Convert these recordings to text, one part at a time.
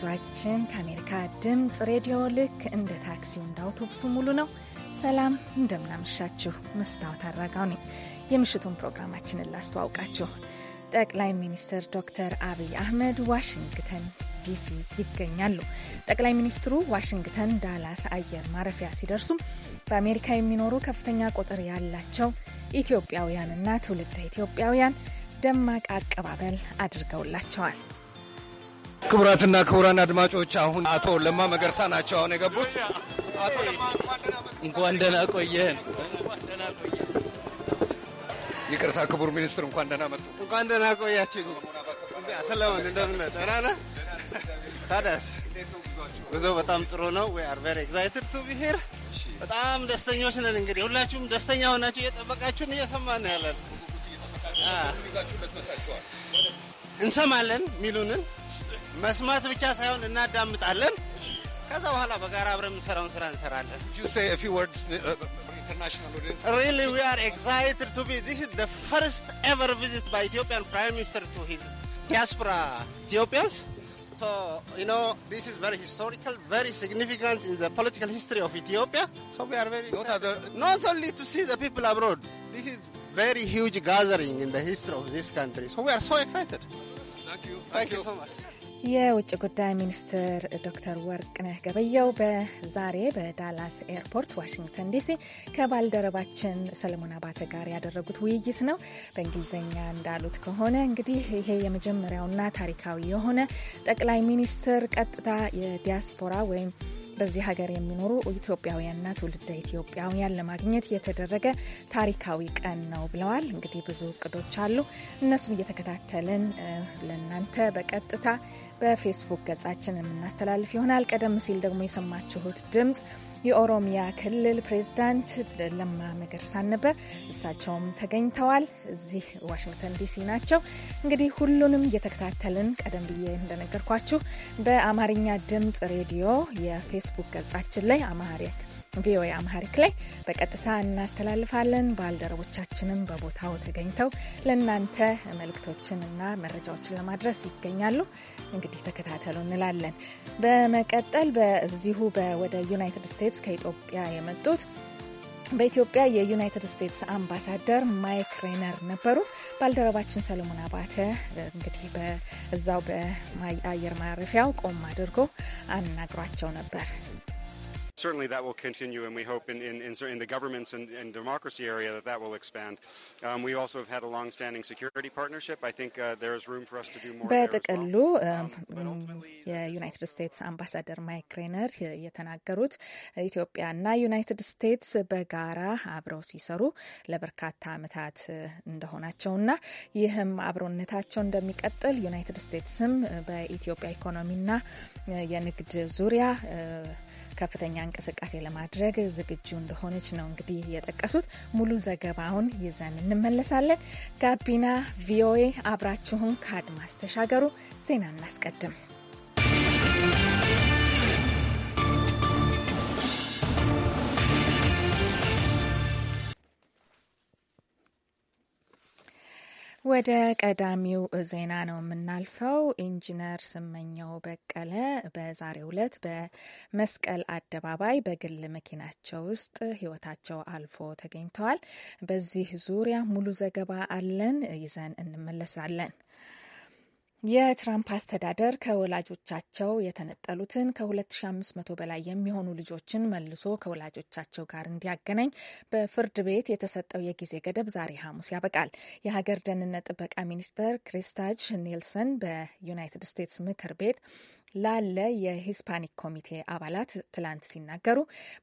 ጉዟችን ከአሜሪካ ድምፅ ሬዲዮ ልክ እንደ ታክሲው እንደ አውቶቡሱ ሙሉ ነው። ሰላም እንደምናመሻችሁ። መስታወት አድራጋው ነኝ። የምሽቱን ፕሮግራማችንን ላስተዋውቃችሁ። ጠቅላይ ሚኒስትር ዶክተር አብይ አህመድ ዋሽንግተን ዲሲ ይገኛሉ። ጠቅላይ ሚኒስትሩ ዋሽንግተን ዳላስ አየር ማረፊያ ሲደርሱም በአሜሪካ የሚኖሩ ከፍተኛ ቁጥር ያላቸው ኢትዮጵያውያንና ትውልደ ኢትዮጵያውያን ደማቅ አቀባበል አድርገውላቸዋል። ክቡራትና ክቡራን አድማጮች አሁን አቶ ለማ መገርሳ ናቸው አሁን የገቡት። አቶ ለማ እንኳን ደህና ቆየህን። ይቅርታ ክቡር ሚኒስትር እንኳን ደህና መጡ። እንኳን ደህና ቆያችሁ። ሰለሞን እንደምን ደህና ነህ? ታዲያስ ጉዞ በጣም ጥሩ ነው። ዊ አር ኤግዛይትድ ቱ ቢ ሄር። በጣም ደስተኞች ነን። እንግዲህ ሁላችሁም ደስተኛ ሆናችሁ እየጠበቃችሁን እየሰማን ነው ያለን። እንሰማለን ሚሉንን መስማት ብቻ ሳይሆን እናዳምጣለን። ከዛ በኋላ በጋራ አብረን uh, uh, Really, we are excited to be. This is the first ever visit by Ethiopian Prime Minister to his diaspora Ethiopians. So, you know, this is very historical, very significant in the political history of Ethiopia. So we are very Not only to see the people abroad, this is very huge gathering in the history of this country. So we are so excited. Thank you. Thank, you so much. የውጭ ጉዳይ ሚኒስትር ዶክተር ወርቅነህ ገበየው በዛሬ በዳላስ ኤርፖርት ዋሽንግተን ዲሲ ከባልደረባችን ሰለሞን አባተ ጋር ያደረጉት ውይይት ነው። በእንግሊዝኛ እንዳሉት ከሆነ እንግዲህ ይሄ የመጀመሪያውና ታሪካዊ የሆነ ጠቅላይ ሚኒስትር ቀጥታ የዲያስፖራ ወይም በዚህ ሀገር የሚኖሩ ኢትዮጵያውያንና ትውልደ ኢትዮጵያውያን ለማግኘት የተደረገ ታሪካዊ ቀን ነው ብለዋል። እንግዲህ ብዙ እቅዶች አሉ። እነሱን እየተከታተልን ለእናንተ በቀጥታ በፌስቡክ ገጻችን የምናስተላልፍ ይሆናል። ቀደም ሲል ደግሞ የሰማችሁት ድምጽ የኦሮሚያ ክልል ፕሬዝዳንት ለማ መገርሳ ነበር። እሳቸውም ተገኝተዋል። እዚህ ዋሽንግተን ዲሲ ናቸው። እንግዲህ ሁሉንም እየተከታተልን ቀደም ብዬ እንደነገርኳችሁ በአማርኛ ድምጽ ሬዲዮ የፌስቡክ ገጻችን ላይ አማሪያ ቪኦኤ አምሃሪክ ላይ በቀጥታ እናስተላልፋለን። ባልደረቦቻችንም በቦታው ተገኝተው ለእናንተ እና መረጃዎችን ለማድረስ ይገኛሉ። እንግዲህ ተከታተሉ እንላለን። በመቀጠል በዚሁ ወደ ዩናይትድ ስቴትስ ከኢትዮጵያ የመጡት በኢትዮጵያ የዩናይትድ ስቴትስ አምባሳደር ማይክ ሬነር ነበሩ። ባልደረባችን ሰለሞን አባተ እንግዲህ በዛው በአየር ማረፊያው ቆም አድርጎ አናግሯቸው ነበር። certainly that will continue, and we hope in, in, in, in the governments and, and, democracy area that that will expand. Um, we also have had a long-standing security partnership. I think uh, there is room for us to do more. በጥቅሉ um, um, mm, uh, የዩናይትድ ስቴትስ አምባሳደር ማይክ ሬነር የተናገሩት ኢትዮጵያና ዩናይትድ ስቴትስ በጋራ አብረው ሲሰሩ ለበርካታ ዓመታት እንደሆናቸውና ይህም አብሮነታቸው እንደሚቀጥል ዩናይትድ ስቴትስም በኢትዮጵያ ኢኮኖሚና የንግድ ዙሪያ ከፍተኛ እንቅስቃሴ ለማድረግ ዝግጁ እንደሆነች ነው እንግዲህ የጠቀሱት። ሙሉ ዘገባውን ይዘን እንመለሳለን። ጋቢና ቪኦኤ አብራችሁን ከአድማስ ተሻገሩ። ዜና እናስቀድም። ወደ ቀዳሚው ዜና ነው የምናልፈው። ኢንጂነር ስመኘው በቀለ በዛሬው ዕለት በመስቀል አደባባይ በግል መኪናቸው ውስጥ ሕይወታቸው አልፎ ተገኝተዋል። በዚህ ዙሪያ ሙሉ ዘገባ አለን፣ ይዘን እንመለሳለን። የትራምፕ አስተዳደር ከወላጆቻቸው የተነጠሉትን ከ2500 በላይ የሚሆኑ ልጆችን መልሶ ከወላጆቻቸው ጋር እንዲያገናኝ በፍርድ ቤት የተሰጠው የጊዜ ገደብ ዛሬ ሐሙስ ያበቃል። የሀገር ደህንነት ጥበቃ ሚኒስትር ክሪስታጅ ኒልሰን በዩናይትድ ስቴትስ ምክር ቤት ላለ የሂስፓኒክ ኮሚቴ አባላት ትላንት ሲናገሩ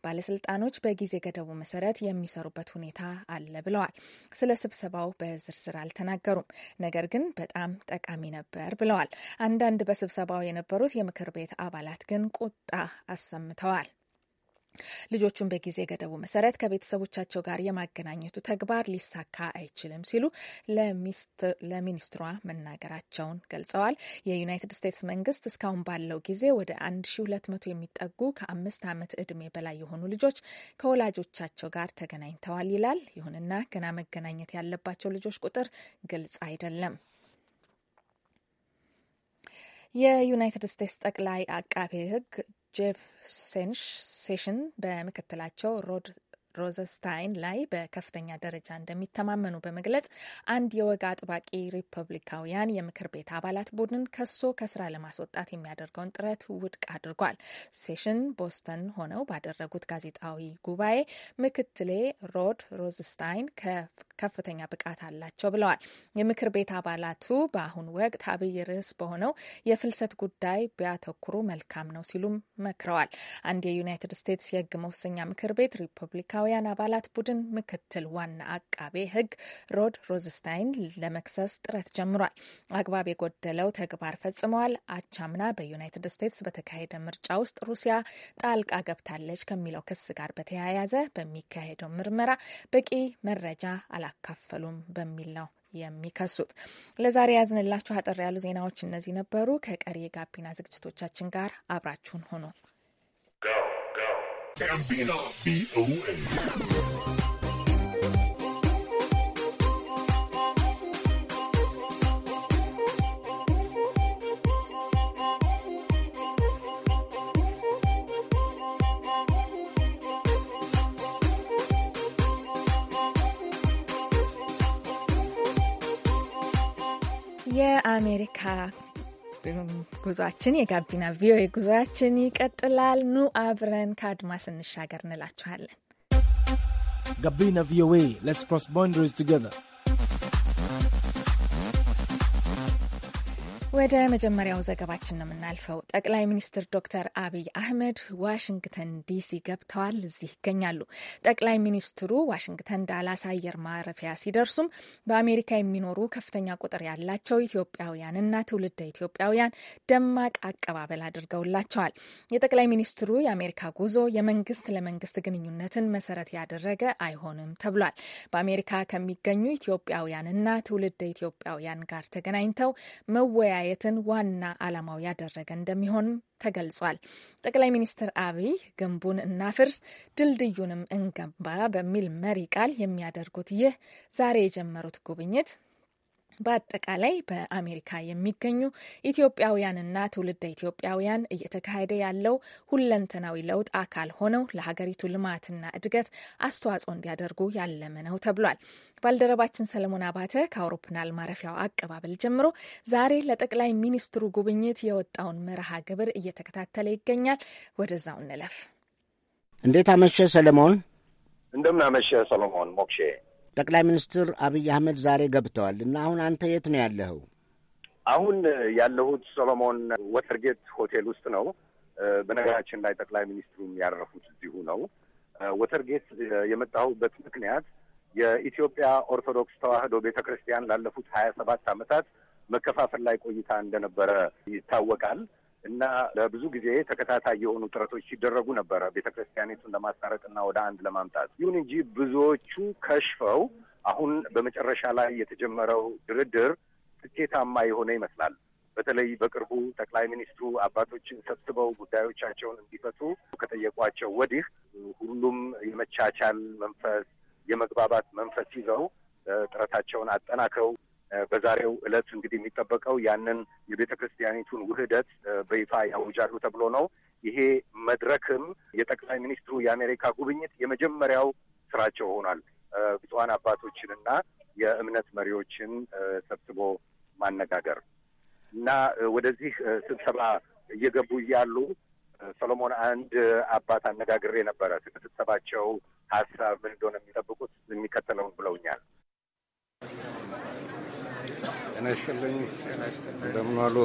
ባለስልጣኖች በጊዜ ገደቡ መሰረት የሚሰሩበት ሁኔታ አለ ብለዋል። ስለ ስብሰባው በዝርዝር አልተናገሩም። ነገር ግን በጣም ጠቃሚ ነበር ብለዋል። አንዳንድ በስብሰባው የነበሩት የምክር ቤት አባላት ግን ቁጣ አሰምተዋል። ልጆቹን በጊዜ ገደቡ መሰረት ከቤተሰቦቻቸው ጋር የማገናኘቱ ተግባር ሊሳካ አይችልም ሲሉ ለሚኒስትሯ መናገራቸውን ገልጸዋል። የዩናይትድ ስቴትስ መንግስት እስካሁን ባለው ጊዜ ወደ 1200 የሚጠጉ ከአምስት ዓመት ዕድሜ በላይ የሆኑ ልጆች ከወላጆቻቸው ጋር ተገናኝተዋል ይላል። ይሁንና ገና መገናኘት ያለባቸው ልጆች ቁጥር ግልጽ አይደለም። የዩናይትድ ስቴትስ ጠቅላይ አቃቤ ሕግ ጄፍ ሴሽን በምክትላቸው ሮድ ሮዘስታይን ላይ በከፍተኛ ደረጃ እንደሚተማመኑ በመግለጽ አንድ የወግ አጥባቂ ሪፐብሊካውያን የምክር ቤት አባላት ቡድን ከሶ ከስራ ለማስወጣት የሚያደርገውን ጥረት ውድቅ አድርጓል። ሴሽን ቦስተን ሆነው ባደረጉት ጋዜጣዊ ጉባኤ ምክትሌ ሮድ ሮዘስታይን ከፍተኛ ብቃት አላቸው ብለዋል። የምክር ቤት አባላቱ በአሁኑ ወቅት አብይ ርዕስ በሆነው የፍልሰት ጉዳይ ቢያተኩሩ መልካም ነው ሲሉም መክረዋል። አንድ የዩናይትድ ስቴትስ የህግ መወሰኛ ምክር ቤት ሪፐብሊካውያን አባላት ቡድን ምክትል ዋና አቃቤ ህግ ሮድ ሮዝስታይን ለመክሰስ ጥረት ጀምሯል። አግባብ የጎደለው ተግባር ፈጽመዋል፣ አቻምና በዩናይትድ ስቴትስ በተካሄደ ምርጫ ውስጥ ሩሲያ ጣልቃ ገብታለች ከሚለው ክስ ጋር በተያያዘ በሚካሄደው ምርመራ በቂ መረጃ አላ አላካፈሉም በሚል ነው የሚከሱት። ለዛሬ ያዝንላችሁ አጠር ያሉ ዜናዎች እነዚህ ነበሩ። ከቀሪ የጋቢና ዝግጅቶቻችን ጋር አብራችሁን ሆኖ የአሜሪካ ጉዟችን የጋቢና ቪኦኤ ጉዟችን ይቀጥላል። ኑ አብረን ከአድማስ እንሻገር እንላችኋለን። ጋቢና ቪኦኤ ሌትስ ክሮስ ባውንደሪስ ቱጌዘር ወደ መጀመሪያው ዘገባችን ነው የምናልፈው። ጠቅላይ ሚኒስትር ዶክተር አብይ አህመድ ዋሽንግተን ዲሲ ገብተዋል፣ እዚህ ይገኛሉ። ጠቅላይ ሚኒስትሩ ዋሽንግተን ዳላስ አየር ማረፊያ ሲደርሱም በአሜሪካ የሚኖሩ ከፍተኛ ቁጥር ያላቸው ኢትዮጵያውያንና ትውልደ ኢትዮጵያውያን ደማቅ አቀባበል አድርገውላቸዋል። የጠቅላይ ሚኒስትሩ የአሜሪካ ጉዞ የመንግስት ለመንግስት ግንኙነትን መሰረት ያደረገ አይሆንም ተብሏል። በአሜሪካ ከሚገኙ ኢትዮጵያውያንና ትውልደ ኢትዮጵያውያን ጋር ተገናኝተው መወያ መወያየትን ዋና ዓላማው ያደረገ እንደሚሆንም ተገልጿል። ጠቅላይ ሚኒስትር አብይ ግንቡን እናፍርስ ድልድዩንም እንገንባ በሚል መሪ ቃል የሚያደርጉት ይህ ዛሬ የጀመሩት ጉብኝት በአጠቃላይ በአሜሪካ የሚገኙ ኢትዮጵያውያንና ትውልደ ኢትዮጵያውያን እየተካሄደ ያለው ሁለንተናዊ ለውጥ አካል ሆነው ለሀገሪቱ ልማትና እድገት አስተዋጽኦ እንዲያደርጉ ያለመ ነው ተብሏል። ባልደረባችን ሰለሞን አባተ ከአውሮፕላን ማረፊያው አቀባበል ጀምሮ ዛሬ ለጠቅላይ ሚኒስትሩ ጉብኝት የወጣውን መርሃ ግብር እየተከታተለ ይገኛል። ወደዛው እንለፍ። እንዴት አመሸ ሰለሞን? እንደምን አመሸ ሰለሞን ሞክሼ ጠቅላይ ሚኒስትር አብይ አህመድ ዛሬ ገብተዋል እና አሁን አንተ የት ነው ያለኸው? አሁን ያለሁት ሶሎሞን ወተርጌት ሆቴል ውስጥ ነው። በነገራችን ላይ ጠቅላይ ሚኒስትሩም ያረፉት እዚሁ ነው። ወተርጌት የመጣሁበት ምክንያት የኢትዮጵያ ኦርቶዶክስ ተዋሕዶ ቤተ ክርስቲያን ላለፉት ሀያ ሰባት ዓመታት መከፋፈል ላይ ቆይታ እንደነበረ ይታወቃል። እና ለብዙ ጊዜ ተከታታይ የሆኑ ጥረቶች ሲደረጉ ነበረ ቤተ ክርስቲያኒቱን ለማስታረቅና ወደ አንድ ለማምጣት። ይሁን እንጂ ብዙዎቹ ከሽፈው አሁን በመጨረሻ ላይ የተጀመረው ድርድር ስኬታማ የሆነ ይመስላል። በተለይ በቅርቡ ጠቅላይ ሚኒስትሩ አባቶችን ሰብስበው ጉዳዮቻቸውን እንዲፈቱ ከጠየቋቸው ወዲህ ሁሉም የመቻቻል መንፈስ፣ የመግባባት መንፈስ ይዘው ጥረታቸውን አጠናክረው በዛሬው ዕለት እንግዲህ የሚጠበቀው ያንን የቤተ ክርስቲያኒቱን ውህደት በይፋ ያውጃሉ ተብሎ ነው። ይሄ መድረክም የጠቅላይ ሚኒስትሩ የአሜሪካ ጉብኝት የመጀመሪያው ስራቸው ሆኗል። ብፁዓን አባቶችንና የእምነት መሪዎችን ሰብስቦ ማነጋገር እና ወደዚህ ስብሰባ እየገቡ እያሉ ሰሎሞን አንድ አባት አነጋግሬ ነበረ። ስብሰባቸው ሀሳብ ምን እንደሆነ የሚጠብቁት የሚከተለውን ብለውኛል። ጤና ይስጥልኝ። እንደምን ዋሉ?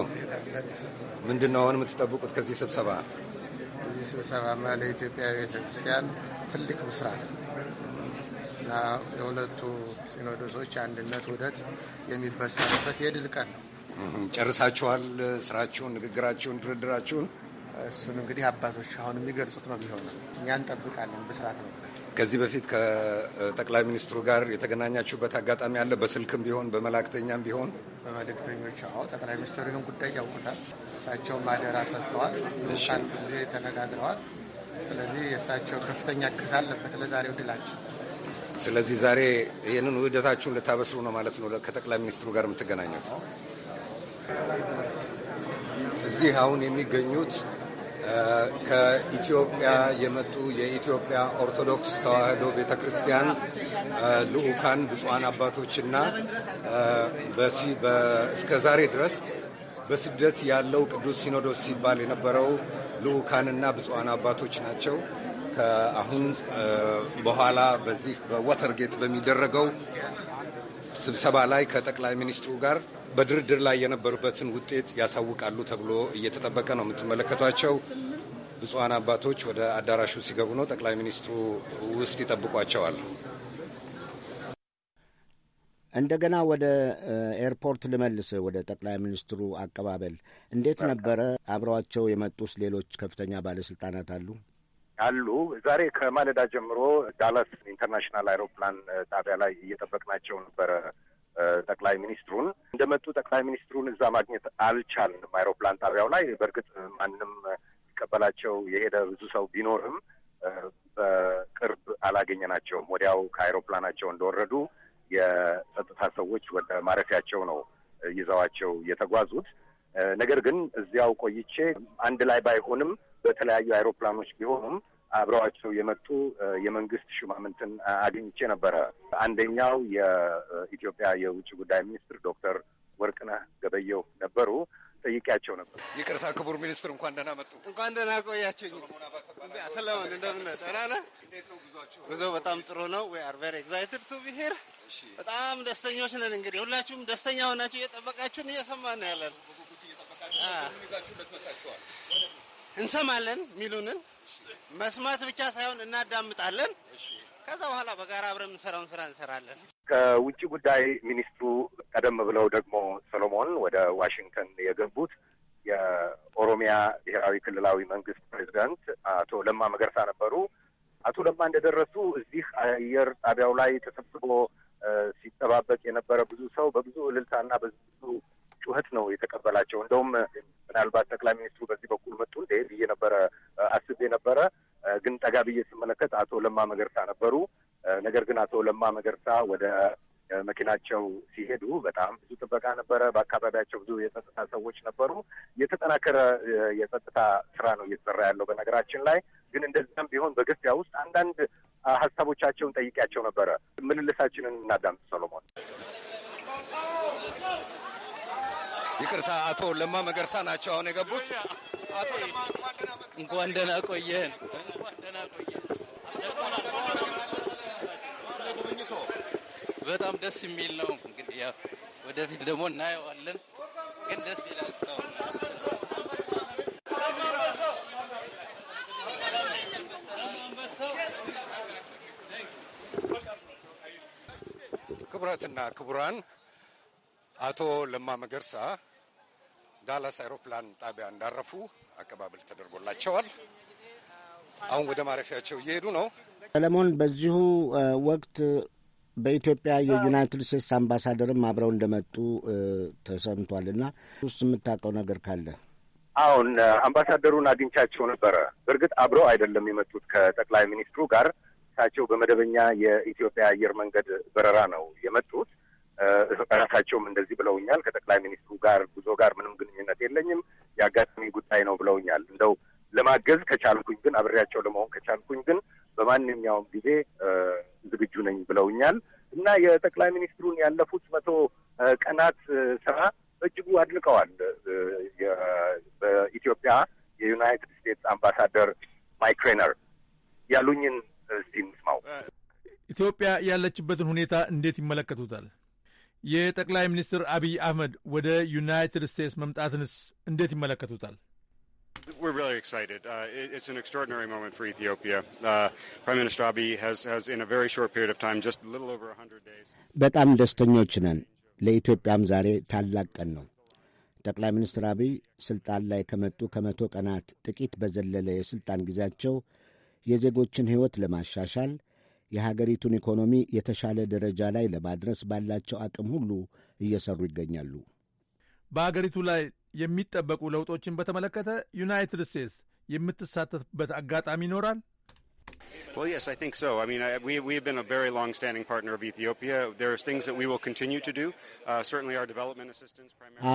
ምንድን ነው አሁን የምትጠብቁት ከዚህ ስብሰባ? እዚህ ስብሰባማ ለኢትዮጵያ ቤተክርስቲያን ትልቅ ምስራት ነው እና የሁለቱ ሲኖዶሶች አንድነት ውህደት የሚበሰርበት የድል ቀን ነው። ጨርሳችኋል? ስራችሁን፣ ንግግራችሁን፣ ድርድራችሁን እሱን እንግዲህ አባቶች አሁን የሚገልጹት ነው የሚሆነው። እኛ እንጠብቃለን ብስራት ነው። ከዚህ በፊት ከጠቅላይ ሚኒስትሩ ጋር የተገናኛችሁበት አጋጣሚ አለ? በስልክም ቢሆን በመላእክተኛም ቢሆን በመልእክተኞች? አዎ፣ ጠቅላይ ሚኒስትሩ ይህን ጉዳይ ያውቁታል። እሳቸውም ማደራ ሰጥተዋል። አንድ ጊዜ ተነጋግረዋል። ስለዚህ የእሳቸው ከፍተኛ እገዛ አለበት ለዛሬው ድላችን። ስለዚህ ዛሬ ይህንን ውህደታችሁን ልታበስሩ ነው ማለት ነው ከጠቅላይ ሚኒስትሩ ጋር የምትገናኘው። እዚህ አሁን የሚገኙት ከኢትዮጵያ የመጡ የኢትዮጵያ ኦርቶዶክስ ተዋሕዶ ቤተ ክርስቲያን ልዑካን ብፁዓን አባቶችና እስከ ዛሬ ድረስ በስደት ያለው ቅዱስ ሲኖዶስ ሲባል የነበረው ልዑካንና ብፁዓን አባቶች ናቸው። ከአሁን በኋላ በዚህ በወተርጌት በሚደረገው ስብሰባ ላይ ከጠቅላይ ሚኒስትሩ ጋር በድርድር ላይ የነበሩበትን ውጤት ያሳውቃሉ ተብሎ እየተጠበቀ ነው። የምትመለከቷቸው ብፁዓን አባቶች ወደ አዳራሹ ሲገቡ ነው። ጠቅላይ ሚኒስትሩ ውስጥ ይጠብቋቸዋል። እንደገና ወደ ኤርፖርት ልመልስ። ወደ ጠቅላይ ሚኒስትሩ አቀባበል እንዴት ነበረ? አብረዋቸው የመጡስ ሌሎች ከፍተኛ ባለስልጣናት አሉ አሉ። ዛሬ ከማለዳ ጀምሮ ዳላስ ኢንተርናሽናል አይሮፕላን ጣቢያ ላይ እየጠበቅናቸው ነበረ ጠቅላይ ሚኒስትሩን እንደመጡ ጠቅላይ ሚኒስትሩን እዛ ማግኘት አልቻልንም። አይሮፕላን ጣቢያው ላይ በእርግጥ ማንም ሊቀበላቸው የሄደ ብዙ ሰው ቢኖርም በቅርብ አላገኘናቸውም። ወዲያው ከአይሮፕላናቸው እንደወረዱ የጸጥታ ሰዎች ወደ ማረፊያቸው ነው ይዘዋቸው የተጓዙት። ነገር ግን እዚያው ቆይቼ አንድ ላይ ባይሆንም በተለያዩ አይሮፕላኖች ቢሆኑም አብረዋቸው የመጡ የመንግስት ሹማምንትን አግኝቼ ነበረ። አንደኛው የኢትዮጵያ የውጭ ጉዳይ ሚኒስትር ዶክተር ወርቅነህ ገበየሁ ነበሩ። ጠይቄያቸው ነበር። ይቅርታ ክቡር ሚኒስትር፣ እንኳን ደህና መጡ። እንኳን ደህና ቆያቸው። ሰለሞን እንደምን ደህና ነህ? ጉዞ በጣም ጥሩ ነው። ዊ አር ቬሪ ኤግዛይትድ ቱ ቢሄር። በጣም ደስተኞች ነን። እንግዲህ ሁላችሁም ደስተኛ ሆናችሁ እየጠበቃችሁን እየሰማን ነው ያለን። እንሰማለን ሚሉንን መስማት ብቻ ሳይሆን እናዳምጣለን። ከዛ በኋላ በጋራ አብረን የምንሰራውን ስራ እንሰራለን። ከውጭ ጉዳይ ሚኒስትሩ ቀደም ብለው ደግሞ ሰሎሞን ወደ ዋሽንግተን የገቡት የኦሮሚያ ብሔራዊ ክልላዊ መንግስት ፕሬዚዳንት አቶ ለማ መገርሳ ነበሩ። አቶ ለማ እንደደረሱ እዚህ አየር ጣቢያው ላይ ተሰብስቦ ሲጠባበቅ የነበረ ብዙ ሰው በብዙ እልልታና በብዙ ጩኸት ነው የተቀበላቸው። እንደውም ምናልባት ጠቅላይ ሚኒስትሩ በዚህ በኩል መጡ እንዴ ብዬ ነበረ አስቤ ነበረ። ግን ጠጋ ብዬ ስመለከት አቶ ለማ መገርሳ ነበሩ። ነገር ግን አቶ ለማ መገርሳ ወደ መኪናቸው ሲሄዱ በጣም ብዙ ጥበቃ ነበረ። በአካባቢያቸው ብዙ የጸጥታ ሰዎች ነበሩ። የተጠናከረ የጸጥታ ስራ ነው እየተሰራ ያለው። በነገራችን ላይ ግን እንደዚያም ቢሆን በገፊያ ውስጥ አንዳንድ ሀሳቦቻቸውን ጠይቄያቸው ነበረ። ምልልሳችንን እናዳምጥ ሰሎሞን። ይቅርታ፣ አቶ ለማ መገርሳ ናቸው አሁን የገቡት። አቶ ለማ እንኳን ደህና ቆየህን። በጣም ደስ የሚል ነው። እንግዲህ ያው ወደፊት ደግሞ እናየዋለን፣ ግን ደስ ይላል ስራው። ክቡራትና ክቡራን አቶ ለማ መገርሳ ዳላስ አይሮፕላን ጣቢያ እንዳረፉ አቀባበል ተደርጎላቸዋል። አሁን ወደ ማረፊያቸው እየሄዱ ነው። ሰለሞን፣ በዚሁ ወቅት በኢትዮጵያ የዩናይትድ ስቴትስ አምባሳደርም አብረው እንደመጡ ተሰምቷል እና ውስጥ የምታውቀው ነገር ካለ? አሁን አምባሳደሩን አግኝቻቸው ነበረ። በእርግጥ አብረው አይደለም የመጡት ከጠቅላይ ሚኒስትሩ ጋር እሳቸው በመደበኛ የኢትዮጵያ አየር መንገድ በረራ ነው የመጡት። ራሳቸውም እንደዚህ ብለውኛል። ከጠቅላይ ሚኒስትሩ ጋር ጉዞ ጋር ምንም ግንኙነት የለኝም የአጋጣሚ ጉዳይ ነው ብለውኛል። እንደው ለማገዝ ከቻልኩኝ ግን አብሬያቸው ለመሆን ከቻልኩኝ ግን በማንኛውም ጊዜ ዝግጁ ነኝ ብለውኛል እና የጠቅላይ ሚኒስትሩን ያለፉት መቶ ቀናት ስራ በእጅጉ አድንቀዋል። በኢትዮጵያ የዩናይትድ ስቴትስ አምባሳደር ማይክ ሬነር ያሉኝን እስቲ እንስማው። ኢትዮጵያ ያለችበትን ሁኔታ እንዴት ይመለከቱታል? የጠቅላይ ሚኒስትር አብይ አህመድ ወደ ዩናይትድ ስቴትስ መምጣትንስ እንዴት ይመለከቱታል? We're really excited. Uh, it's an extraordinary moment for Ethiopia. Uh, Prime Minister Abiy has, has, in a very short period of time, just a little over 100 days. በጣም ደስተኞች ነን። ለኢትዮጵያም ዛሬ ታላቅ ቀን ነው። ጠቅላይ ሚኒስትር አብይ ስልጣን ላይ ከመጡ ከመቶ ቀናት ጥቂት በዘለለ የስልጣን ጊዜያቸው የዜጎችን ሕይወት ለማሻሻል የሀገሪቱን ኢኮኖሚ የተሻለ ደረጃ ላይ ለማድረስ ባላቸው አቅም ሁሉ እየሰሩ ይገኛሉ። በሀገሪቱ ላይ የሚጠበቁ ለውጦችን በተመለከተ ዩናይትድ ስቴትስ የምትሳተፍበት አጋጣሚ ይኖራል? Uh,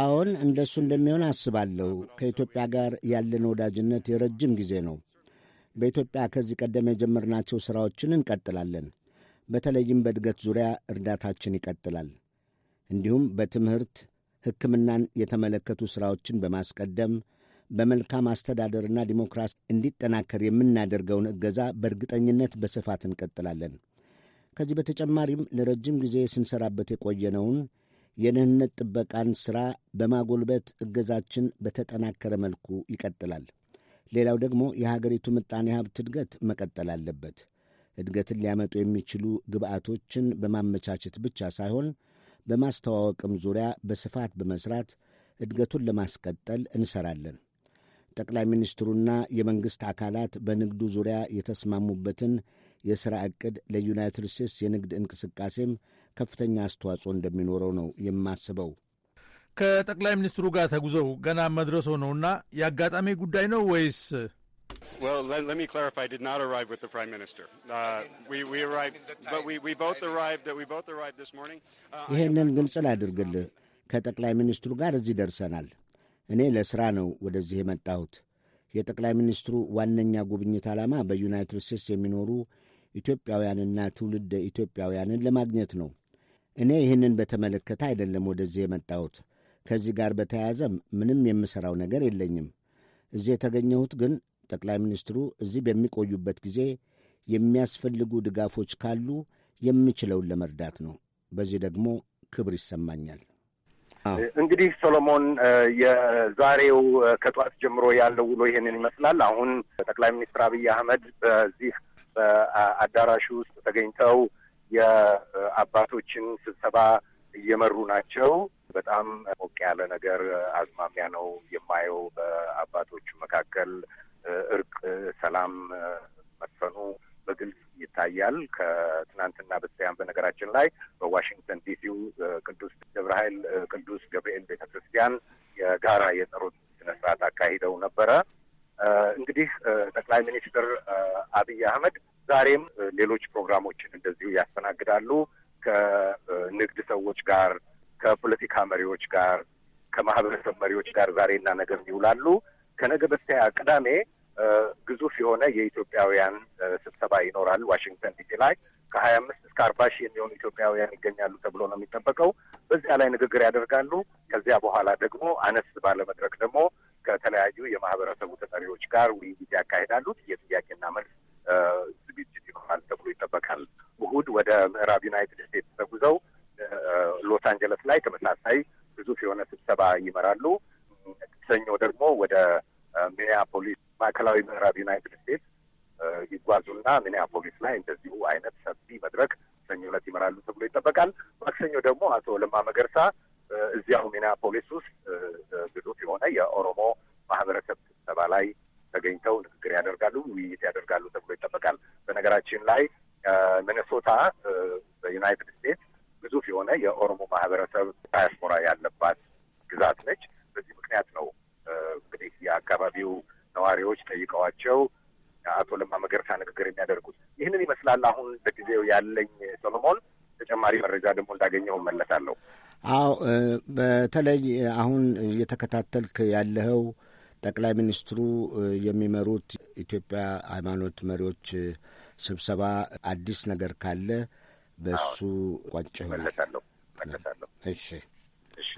አዎን፣ እንደሱ እንደሚሆን አስባለሁ። ከኢትዮጵያ ጋር ያለን ወዳጅነት የረጅም ጊዜ ነው። በኢትዮጵያ ከዚህ ቀደም የጀመርናቸው ሥራዎችን እንቀጥላለን። በተለይም በእድገት ዙሪያ እርዳታችን ይቀጥላል። እንዲሁም በትምህርት ሕክምናን የተመለከቱ ሥራዎችን በማስቀደም በመልካም አስተዳደርና ዲሞክራሲ እንዲጠናከር የምናደርገውን እገዛ በእርግጠኝነት በስፋት እንቀጥላለን። ከዚህ በተጨማሪም ለረጅም ጊዜ ስንሰራበት የቆየነውን የደህንነት ጥበቃን ሥራ በማጎልበት እገዛችን በተጠናከረ መልኩ ይቀጥላል። ሌላው ደግሞ የሀገሪቱ ምጣኔ ሀብት እድገት መቀጠል አለበት። እድገትን ሊያመጡ የሚችሉ ግብአቶችን በማመቻቸት ብቻ ሳይሆን በማስተዋወቅም ዙሪያ በስፋት በመስራት እድገቱን ለማስቀጠል እንሰራለን። ጠቅላይ ሚኒስትሩና የመንግሥት አካላት በንግዱ ዙሪያ የተስማሙበትን የሥራ ዕቅድ ለዩናይትድ ስቴትስ የንግድ እንቅስቃሴም ከፍተኛ አስተዋጽኦ እንደሚኖረው ነው የማስበው። ከጠቅላይ ሚኒስትሩ ጋር ተጉዘው ገና መድረሶ ነውና የአጋጣሚ ጉዳይ ነው ወይስ? Uh, uh, ይህንን ግልጽ ላድርግልህ። ከጠቅላይ ሚኒስትሩ ጋር እዚህ ደርሰናል። እኔ ለሥራ ነው ወደዚህ የመጣሁት። የጠቅላይ ሚኒስትሩ ዋነኛ ጉብኝት ዓላማ በዩናይትድ ስቴትስ የሚኖሩ ኢትዮጵያውያንና ትውልድ ኢትዮጵያውያንን ለማግኘት ነው። እኔ ይህንን በተመለከተ አይደለም ወደዚህ የመጣሁት። ከዚህ ጋር በተያያዘም ምንም የምሠራው ነገር የለኝም። እዚህ የተገኘሁት ግን ጠቅላይ ሚኒስትሩ እዚህ በሚቆዩበት ጊዜ የሚያስፈልጉ ድጋፎች ካሉ የምችለውን ለመርዳት ነው። በዚህ ደግሞ ክብር ይሰማኛል። እንግዲህ ሶሎሞን፣ የዛሬው ከጠዋት ጀምሮ ያለው ውሎ ይሄንን ይመስላል። አሁን ጠቅላይ ሚኒስትር አብይ አህመድ በዚህ በአዳራሹ ውስጥ ተገኝተው የአባቶችን ስብሰባ እየመሩ ናቸው። በጣም ሞቅ ያለ ነገር አዝማሚያ ነው የማየው። በአባቶች መካከል እርቅ፣ ሰላም መስፈኑ በግልጽ ይታያል። ከትናንትና በስቲያም በነገራችን ላይ በዋሽንግተን ዲሲው ቅዱስ ደብረ ኃይል ቅዱስ ገብርኤል ቤተ ክርስቲያን የጋራ የጸሎት ስነ ስርዓት አካሂደው ነበረ። እንግዲህ ጠቅላይ ሚኒስትር አብይ አህመድ ዛሬም ሌሎች ፕሮግራሞችን እንደዚሁ ያስተናግዳሉ ከንግድ ሰዎች ጋር ከፖለቲካ መሪዎች ጋር ከማህበረሰብ መሪዎች ጋር ዛሬና ነገም ይውላሉ። ከነገ በስቲያ ቅዳሜ ግዙፍ የሆነ የኢትዮጵያውያን ስብሰባ ይኖራል ዋሽንግተን ዲሲ ላይ ከሀያ አምስት እስከ አርባ ሺህ የሚሆኑ ኢትዮጵያውያን ይገኛሉ ተብሎ ነው የሚጠበቀው። በዚያ ላይ ንግግር ያደርጋሉ። ከዚያ በኋላ ደግሞ አነስ ባለ መድረክ ደግሞ ከተለያዩ የማህበረሰቡ ተጠሪዎች ጋር ውይይት ያካሂዳሉ። የጥያቄና መልስ ዝግጅት ይኖራል ተብሎ ይጠበቃል። እሁድ ወደ ምዕራብ ዩናይትድ ስቴትስ ተጉዘው ሎስ አንጀለስ ላይ ተመሳሳይ ግዙፍ የሆነ ስብሰባ ይመራሉ። ሰኞ ደግሞ ወደ ሚኒያፖሊስ ማዕከላዊ ምዕራብ ዩናይትድ ስቴትስ ይጓዙና ሚኒያፖሊስ ላይ እንደዚሁ አይነት ሰፊ መድረክ ሰኞ ዕለት ይመራሉ ተብሎ ይጠበቃል። ማክሰኞ ደግሞ አቶ ለማ መገርሳ እዚያው ሚኒያፖሊስ ውስጥ ግዙፍ የሆነ የኦሮሞ ማህበረሰብ ስብሰባ ላይ ተገኝተው ንግግር ያደርጋሉ፣ ውይይት ያደርጋሉ ተብሎ ይጠበቃል። በነገራችን ላይ ሚነሶታ በዩናይትድ ስቴትስ ግዙፍ የሆነ የኦሮሞ ማህበረሰብ ዳያስፖራ ያለባት ግዛት ነች። በዚህ ምክንያት ነው እንግዲህ የአካባቢው ነዋሪዎች ጠይቀዋቸው አቶ ለማ መገርሳ ንግግር የሚያደርጉት ይህንን ይመስላል። አሁን ለጊዜው ያለኝ ሰሎሞን፣ ተጨማሪ መረጃ ደግሞ እንዳገኘው መለሳለሁ። አዎ በተለይ አሁን እየተከታተልክ ያለኸው ጠቅላይ ሚኒስትሩ የሚመሩት ኢትዮጵያ ሃይማኖት መሪዎች ስብሰባ አዲስ ነገር ካለ በእሱ ቋጭ ይሆናል። እሺ፣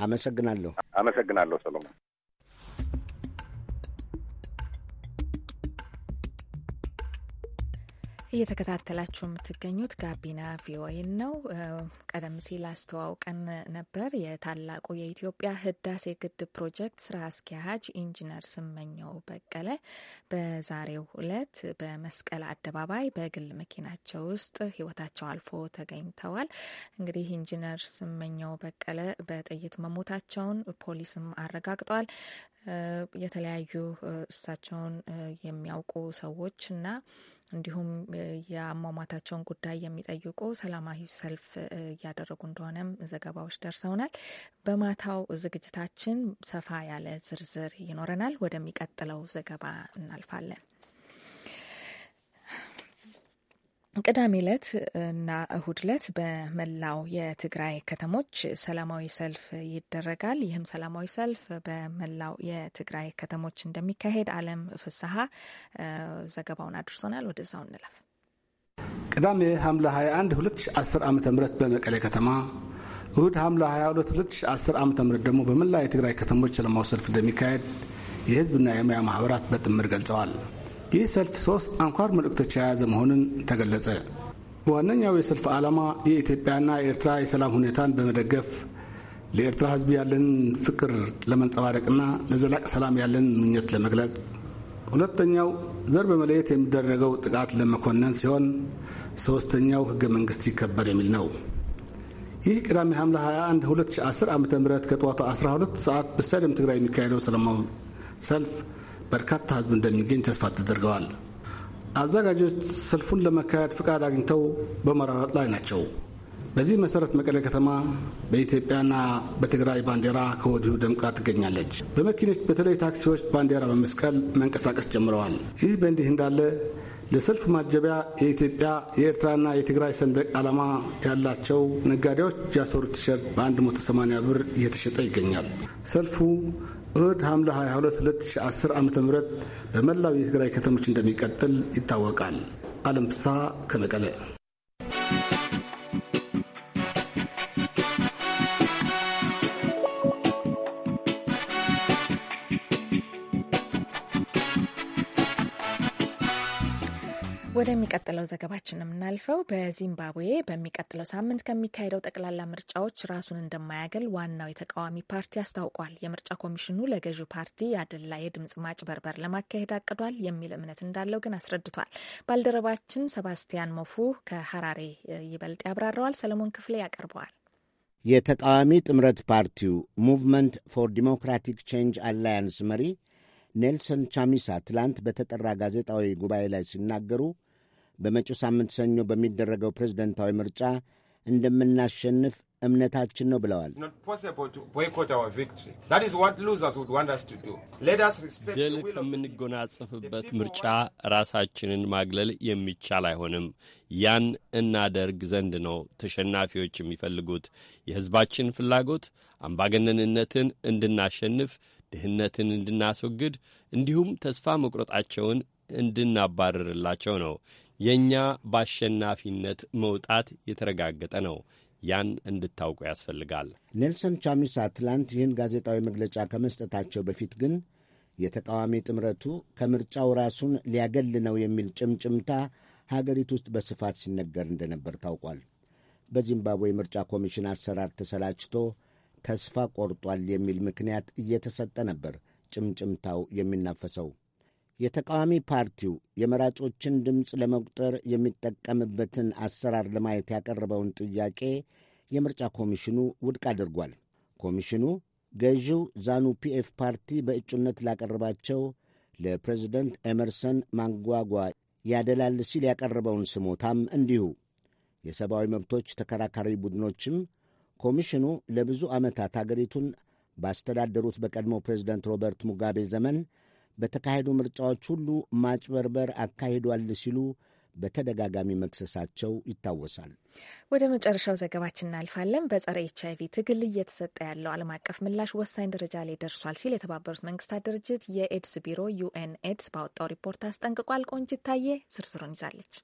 አመሰግናለሁ። አመሰግናለሁ ሰሎሞን። እየተከታተላችሁ የምትገኙት ጋቢና ቪኦኤ ነው። ቀደም ሲል አስተዋውቀን ነበር። የታላቁ የኢትዮጵያ ህዳሴ ግድብ ፕሮጀክት ስራ አስኪያጅ ኢንጂነር ስመኘው በቀለ በዛሬው ዕለት በመስቀል አደባባይ በግል መኪናቸው ውስጥ ህይወታቸው አልፎ ተገኝተዋል። እንግዲህ ኢንጂነር ስመኘው በቀለ በጥይት መሞታቸውን ፖሊስም አረጋግጧል። የተለያዩ እሳቸውን የሚያውቁ ሰዎች እና እንዲሁም የአሟሟታቸውን ጉዳይ የሚጠይቁ ሰላማዊ ሰልፍ እያደረጉ እንደሆነም ዘገባዎች ደርሰውናል። በማታው ዝግጅታችን ሰፋ ያለ ዝርዝር ይኖረናል። ወደሚቀጥለው ዘገባ እናልፋለን። ቅዳሜ ዕለት እና እሁድ ዕለት በመላው የትግራይ ከተሞች ሰላማዊ ሰልፍ ይደረጋል። ይህም ሰላማዊ ሰልፍ በመላው የትግራይ ከተሞች እንደሚካሄድ አለም ፍስሀ ዘገባውን አድርሶናል። ወደዛው እንለፍ። ቅዳሜ ሐምሌ 21 2010 ዓ ም በመቀለ ከተማ እሁድ ሐምሌ 22 2010 ዓ ም ደግሞ በመላ የትግራይ ከተሞች ሰላማዊ ሰልፍ እንደሚካሄድ የህዝብና የሙያ ማህበራት በጥምር ገልጸዋል። ይህ ሰልፍ ሶስት አንኳር መልእክቶች የያዘ መሆኑን ተገለጸ። ዋነኛው የሰልፍ ዓላማ የኢትዮጵያና የኤርትራ የሰላም ሁኔታን በመደገፍ ለኤርትራ ሕዝብ ያለንን ፍቅር ለመንጸባረቅና ለዘላቅ ሰላም ያለንን ምኞት ለመግለጽ፣ ሁለተኛው ዘር በመለየት የሚደረገው ጥቃት ለመኮነን ሲሆን፣ ሦስተኛው ሕገ መንግሥት ይከበር የሚል ነው። ይህ ቅዳሜ ሐምለ 21 2010 ዓ ም ከጠዋቱ 12 ሰዓት በስታዲየም ትግራይ የሚካሄደው ሰላማዊ ሰልፍ በርካታ ህዝብ እንደሚገኝ ተስፋ ተደርገዋል። አዘጋጆች ሰልፉን ለመካሄድ ፍቃድ አግኝተው በመራራጥ ላይ ናቸው። በዚህ መሰረት መቀሌ ከተማ በኢትዮጵያና በትግራይ ባንዲራ ከወዲሁ ደምቃ ትገኛለች። በመኪኖች በተለይ ታክሲዎች ባንዲራ በመስቀል መንቀሳቀስ ጀምረዋል። ይህ በእንዲህ እንዳለ ለሰልፉ ማጀቢያ የኢትዮጵያ የኤርትራና የትግራይ ሰንደቅ ዓላማ ያላቸው ነጋዴዎች ያሰሩት ቲሸርት በ180 ብር እየተሸጠ ይገኛል። ሰልፉ እህድ ሐምለ 22 2010 ዓ ም በመላው የትግራይ ከተሞች እንደሚቀጥል ይታወቃል። አለም ፍስሐ ከመቀለ ወደሚቀጥለው ዘገባችን የምናልፈው በዚምባብዌ በሚቀጥለው ሳምንት ከሚካሄደው ጠቅላላ ምርጫዎች ራሱን እንደማያገል ዋናው የተቃዋሚ ፓርቲ አስታውቋል። የምርጫ ኮሚሽኑ ለገዢው ፓርቲ ያደላ የድምጽ ማጭበርበር ለማካሄድ አቅዷል የሚል እምነት እንዳለው ግን አስረድቷል። ባልደረባችን ሰባስቲያን ሞፉ ከሀራሬ ይበልጥ ያብራረዋል። ሰለሞን ክፍሌ ያቀርበዋል። የተቃዋሚ ጥምረት ፓርቲው ሙቭመንት ፎር ዲሞክራቲክ ቼንጅ አላያንስ መሪ ኔልሰን ቻሚሳ ትላንት በተጠራ ጋዜጣዊ ጉባኤ ላይ ሲናገሩ በመጪው ሳምንት ሰኞ በሚደረገው ፕሬዝደንታዊ ምርጫ እንደምናሸንፍ እምነታችን ነው ብለዋል። ድል ከምንጎናጸፍበት ምርጫ ራሳችንን ማግለል የሚቻል አይሆንም። ያን እናደርግ ዘንድ ነው ተሸናፊዎች የሚፈልጉት። የሕዝባችን ፍላጎት አምባገነንነትን እንድናሸንፍ፣ ድህነትን እንድናስወግድ፣ እንዲሁም ተስፋ መቁረጣቸውን እንድናባርርላቸው ነው። የእኛ በአሸናፊነት መውጣት የተረጋገጠ ነው። ያን እንድታውቁ ያስፈልጋል። ኔልሰን ቻሚሳ ትላንት ይህን ጋዜጣዊ መግለጫ ከመስጠታቸው በፊት ግን የተቃዋሚ ጥምረቱ ከምርጫው ራሱን ሊያገል ነው የሚል ጭምጭምታ ሀገሪቱ ውስጥ በስፋት ሲነገር እንደነበር ታውቋል። በዚምባብዌ የምርጫ ኮሚሽን አሰራር ተሰላችቶ ተስፋ ቆርጧል የሚል ምክንያት እየተሰጠ ነበር ጭምጭምታው የሚናፈሰው። የተቃዋሚ ፓርቲው የመራጮችን ድምፅ ለመቁጠር የሚጠቀምበትን አሰራር ለማየት ያቀረበውን ጥያቄ የምርጫ ኮሚሽኑ ውድቅ አድርጓል። ኮሚሽኑ ገዢው ዛኑ ፒኤፍ ፓርቲ በእጩነት ላቀረባቸው ለፕሬዚደንት ኤመርሰን ማንጓጓ ያደላል ሲል ያቀረበውን ስሞታም እንዲሁ። የሰብአዊ መብቶች ተከራካሪ ቡድኖችም ኮሚሽኑ ለብዙ ዓመታት አገሪቱን ባስተዳደሩት በቀድሞ ፕሬዚደንት ሮበርት ሙጋቤ ዘመን በተካሄዱ ምርጫዎች ሁሉ ማጭበርበር አካሂዷል ሲሉ በተደጋጋሚ መክሰሳቸው ይታወሳል። ወደ መጨረሻው ዘገባችን እናልፋለን። በጸረ ኤች አይቪ ትግል እየተሰጠ ያለው ዓለም አቀፍ ምላሽ ወሳኝ ደረጃ ላይ ደርሷል ሲል የተባበሩት መንግስታት ድርጅት የኤድስ ቢሮ ዩኤን ኤድስ ባወጣው ሪፖርት አስጠንቅቋል። ታዬ ዝርዝሩን ይዛለች።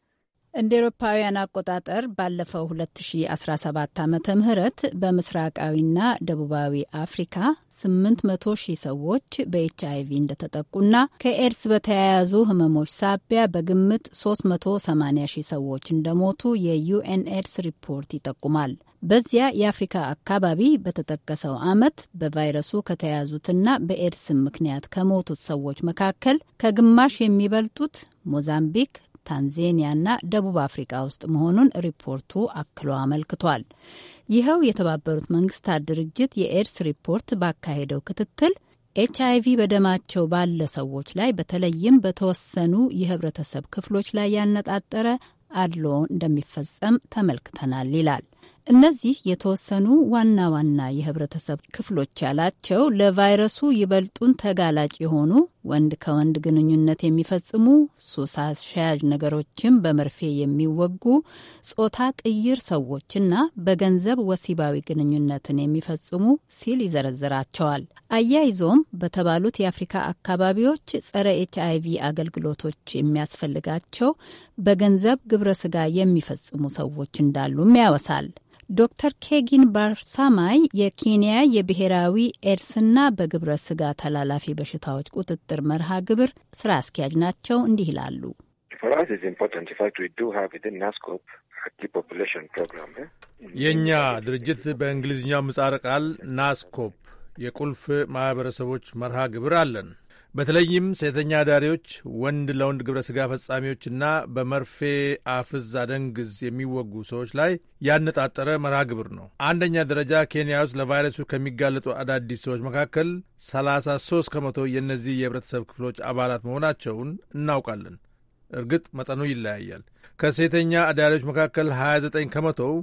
እንደ ኤሮፓውያን አቆጣጠር ባለፈው 2017 ዓመተ ምህረት በምስራቃዊና ደቡባዊ አፍሪካ 800 ሺህ ሰዎች በኤች ቪ እንደተጠቁና ከኤድስ በተያያዙ ህመሞች ሳቢያ በግምት 380 ሺህ ሰዎች እንደሞቱ የዩኤን ኤድስ ሪፖርት ይጠቁማል። በዚያ የአፍሪካ አካባቢ በተጠቀሰው ዓመት በቫይረሱ ከተያዙትና በኤድስም ምክንያት ከሞቱት ሰዎች መካከል ከግማሽ የሚበልጡት ሞዛምቢክ፣ ታንዜኒያና ደቡብ አፍሪካ ውስጥ መሆኑን ሪፖርቱ አክሎ አመልክቷል። ይኸው የተባበሩት መንግስታት ድርጅት የኤድስ ሪፖርት ባካሄደው ክትትል ኤች አይቪ በደማቸው ባለ ሰዎች ላይ በተለይም በተወሰኑ የህብረተሰብ ክፍሎች ላይ ያነጣጠረ አድሎ እንደሚፈጸም ተመልክተናል ይላል። እነዚህ የተወሰኑ ዋና ዋና የህብረተሰብ ክፍሎች ያላቸው ለቫይረሱ ይበልጡን ተጋላጭ የሆኑ ወንድ ከወንድ ግንኙነት የሚፈጽሙ፣ ሱስ አስያዥ ነገሮችን በመርፌ የሚወጉ፣ ጾታ ቅይር ሰዎችና በገንዘብ ወሲባዊ ግንኙነትን የሚፈጽሙ ሲል ይዘረዝራቸዋል። አያይዞም በተባሉት የአፍሪካ አካባቢዎች ጸረ ኤች አይቪ አገልግሎቶች የሚያስፈልጋቸው በገንዘብ ግብረ ስጋ የሚፈጽሙ ሰዎች እንዳሉም ያወሳል። ዶክተር ኬጊን ባርሳማይ የኬንያ የብሔራዊ ኤድስና በግብረ ስጋ ተላላፊ በሽታዎች ቁጥጥር መርሃ ግብር ስራ አስኪያጅ ናቸው። እንዲህ ይላሉ። eh? የእኛ ድርጅት በእንግሊዝኛው ምጻረ ቃል ናስኮፕ የቁልፍ ማኅበረሰቦች መርሃ ግብር አለን። በተለይም ሴተኛ አዳሪዎች፣ ወንድ ለወንድ ግብረ ሥጋ ፈጻሚዎችና በመርፌ አፍዝ አደንግዝ የሚወጉ ሰዎች ላይ ያነጣጠረ መርሃ ግብር ነው። አንደኛ ደረጃ ኬንያ ውስጥ ለቫይረሱ ከሚጋለጡ አዳዲስ ሰዎች መካከል 33 ከመቶ የእነዚህ የህብረተሰብ ክፍሎች አባላት መሆናቸውን እናውቃለን። እርግጥ መጠኑ ይለያያል። ከሴተኛ አዳሪዎች መካከል 29 ከመቶው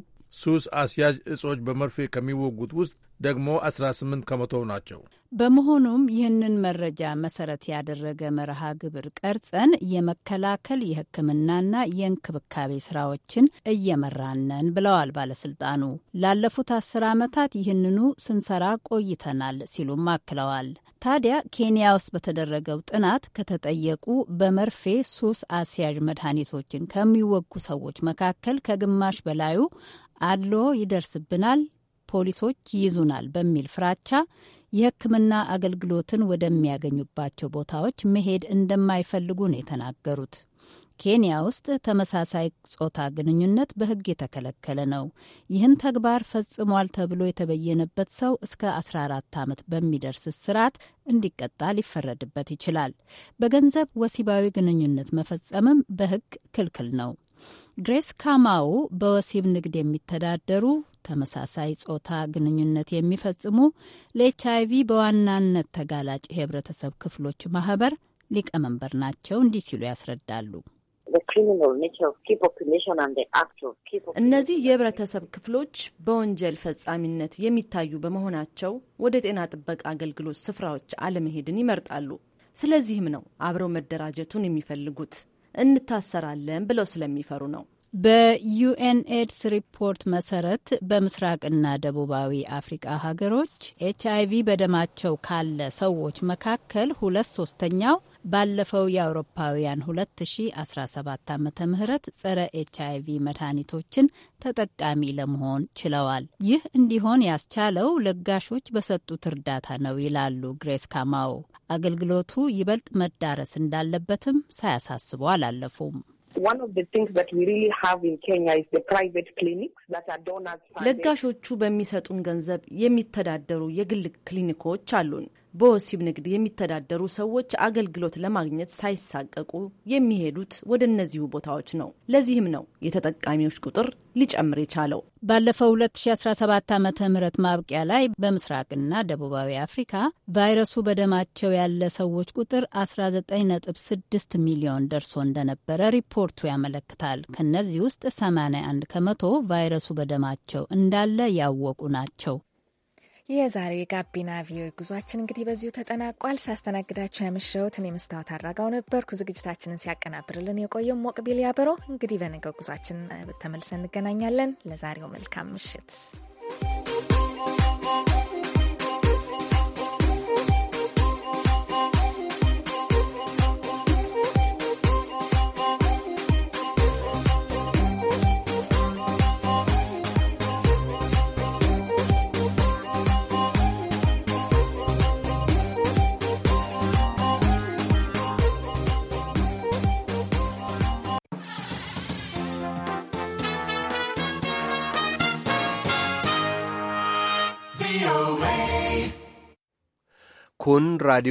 ሱስ አስያዥ እጾች በመርፌ ከሚወጉት ውስጥ ደግሞ 18 ከመቶ ናቸው። በመሆኑም ይህንን መረጃ መሰረት ያደረገ መርሃ ግብር ቀርጸን የመከላከል የሕክምናና የእንክብካቤ ስራዎችን እየመራነን ብለዋል ባለስልጣኑ። ላለፉት አስር ዓመታት ይህንኑ ስንሰራ ቆይተናል ሲሉም አክለዋል። ታዲያ ኬንያ ውስጥ በተደረገው ጥናት ከተጠየቁ በመርፌ ሱስ አስያዥ መድኃኒቶችን ከሚወጉ ሰዎች መካከል ከግማሽ በላዩ አድሎ ይደርስብናል ፖሊሶች ይይዙናል በሚል ፍራቻ የሕክምና አገልግሎትን ወደሚያገኙባቸው ቦታዎች መሄድ እንደማይፈልጉ ነው የተናገሩት። ኬንያ ውስጥ ተመሳሳይ ጾታ ግንኙነት በሕግ የተከለከለ ነው። ይህን ተግባር ፈጽሟል ተብሎ የተበየነበት ሰው እስከ 14 ዓመት በሚደርስ እስራት እንዲቀጣ ሊፈረድበት ይችላል። በገንዘብ ወሲባዊ ግንኙነት መፈጸምም በሕግ ክልክል ነው። ግሬስ ካማው በወሲብ ንግድ የሚተዳደሩ ተመሳሳይ ጾታ ግንኙነት የሚፈጽሙ ለኤች አይቪ በዋናነት ተጋላጭ የህብረተሰብ ክፍሎች ማህበር ሊቀመንበር ናቸው። እንዲህ ሲሉ ያስረዳሉ። እነዚህ የህብረተሰብ ክፍሎች በወንጀል ፈጻሚነት የሚታዩ በመሆናቸው ወደ ጤና ጥበቃ አገልግሎት ስፍራዎች አለመሄድን ይመርጣሉ። ስለዚህም ነው አብረው መደራጀቱን የሚፈልጉት እንታሰራለን ብለው ስለሚፈሩ ነው። በዩኤንኤድስ ሪፖርት መሰረት በምስራቅና ደቡባዊ አፍሪቃ ሀገሮች ኤች አይቪ በደማቸው ካለ ሰዎች መካከል ሁለት ሶስተኛው ባለፈው የአውሮፓውያን 2017 ዓ ም ጸረ ኤች አይቪ መድኃኒቶችን ተጠቃሚ ለመሆን ችለዋል። ይህ እንዲሆን ያስቻለው ለጋሾች በሰጡት እርዳታ ነው ይላሉ ግሬስ ካማው። አገልግሎቱ ይበልጥ መዳረስ እንዳለበትም ሳያሳስቡ አላለፉም። ለጋሾቹ በሚሰጡን ገንዘብ የሚተዳደሩ የግል ክሊኒኮች አሉን። በወሲብ ንግድ የሚተዳደሩ ሰዎች አገልግሎት ለማግኘት ሳይሳቀቁ የሚሄዱት ወደ እነዚሁ ቦታዎች ነው። ለዚህም ነው የተጠቃሚዎች ቁጥር ሊጨምር የቻለው። ባለፈው 2017 ዓ ም ማብቂያ ላይ በምስራቅና ደቡባዊ አፍሪካ ቫይረሱ በደማቸው ያለ ሰዎች ቁጥር 19.6 ሚሊዮን ደርሶ እንደነበረ ሪፖርቱ ያመለክታል። ከእነዚህ ውስጥ 81 ከመቶ ቫይረሱ በደማቸው እንዳለ ያወቁ ናቸው። የዛሬው የጋቢና ቪኦኤ ጉዟችን እንግዲህ በዚሁ ተጠናቋል። ሳስተናግዳችሁ ያመሸሁት እኔ መስታወት አድራጋው ነበርኩ። ዝግጅታችንን ሲያቀናብርልን የቆየው ሞቅቢል ያበረው። እንግዲህ በነገው ጉዟችን ተመልሰን እንገናኛለን። ለዛሬው መልካም ምሽት። Kun raadiyoo